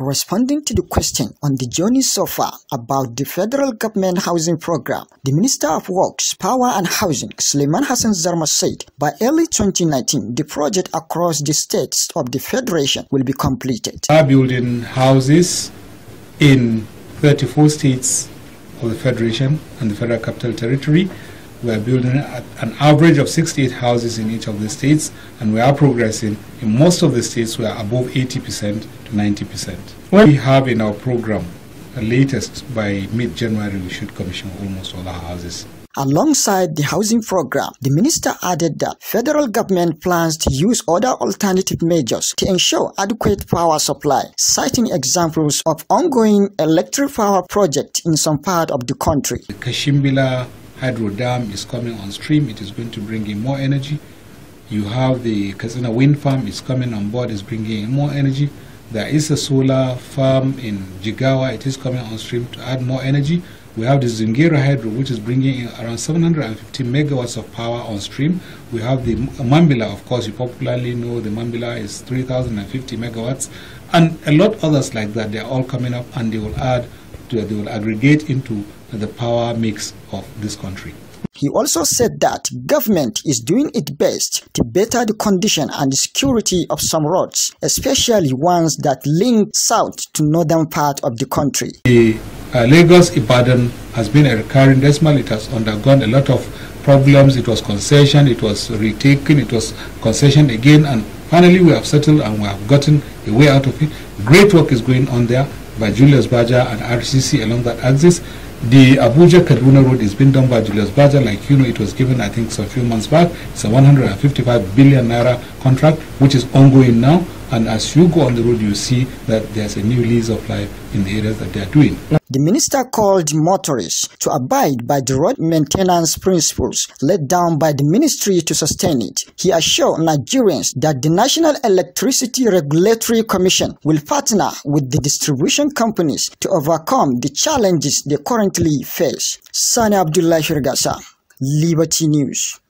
Responding to the question on the journey so far about the federal government housing program, the Minister of Works, Power and Housing, Suleiman Hassan Zarma said by early 2019, the project across the states of the federation will be completed. We are building houses in 34 states of the federation and the federal capital territory we're building an average of 68 houses in each of the states, and we are progressing. In most of the states, we are above 80% to 90%. What we have in our program, latest by mid January, we should commission almost all our houses. Alongside the housing program, the minister added that federal government plans to use other alternative measures to ensure adequate power supply, citing examples of ongoing electric power projects in some part of the country. Kashimbila hydro dam is coming on stream. It is going to bring in more energy. You have the Katsina wind farm is coming on board, is bringing in more energy. There is a solar farm in Jigawa. It is coming on stream to add more energy. We have the Zingira Hydro, which is bringing in around 750 megawatts of power on stream. We have the Mambila, of course, you popularly know the Mambila is 3,050 megawatts, and a lot others like that. They are all coming up, and they will add they will aggregate into the power mix of this country. He also said that government is doing its best to better the condition and security of some roads, especially ones that link south to northern part of the country. The uh, Lagos-Ibadan has been a recurring decimal. It has undergone a lot of problems. It was concession, it was retaken, it was concession again, and finally we have settled and we have gotten a way out of it. Great work is going on there. by Julius Baja and RCC along that axis. The Abuja Kaduna road is being done by Julius Baja, like you know, it was given, I think, a few months back. It's a 155 billion naira contract, which is ongoing now. And as you go on the road, you see that there's a new lease of life in the areas that they are doing. The minister called motorists to abide by the road maintenance principles laid down by the ministry to sustain it. He assured Nigerians that the National Electricity Regulatory Commission will partner with the distribution companies to overcome the challenges they currently face. Sani Abdullah Shirgasa, Liberty News.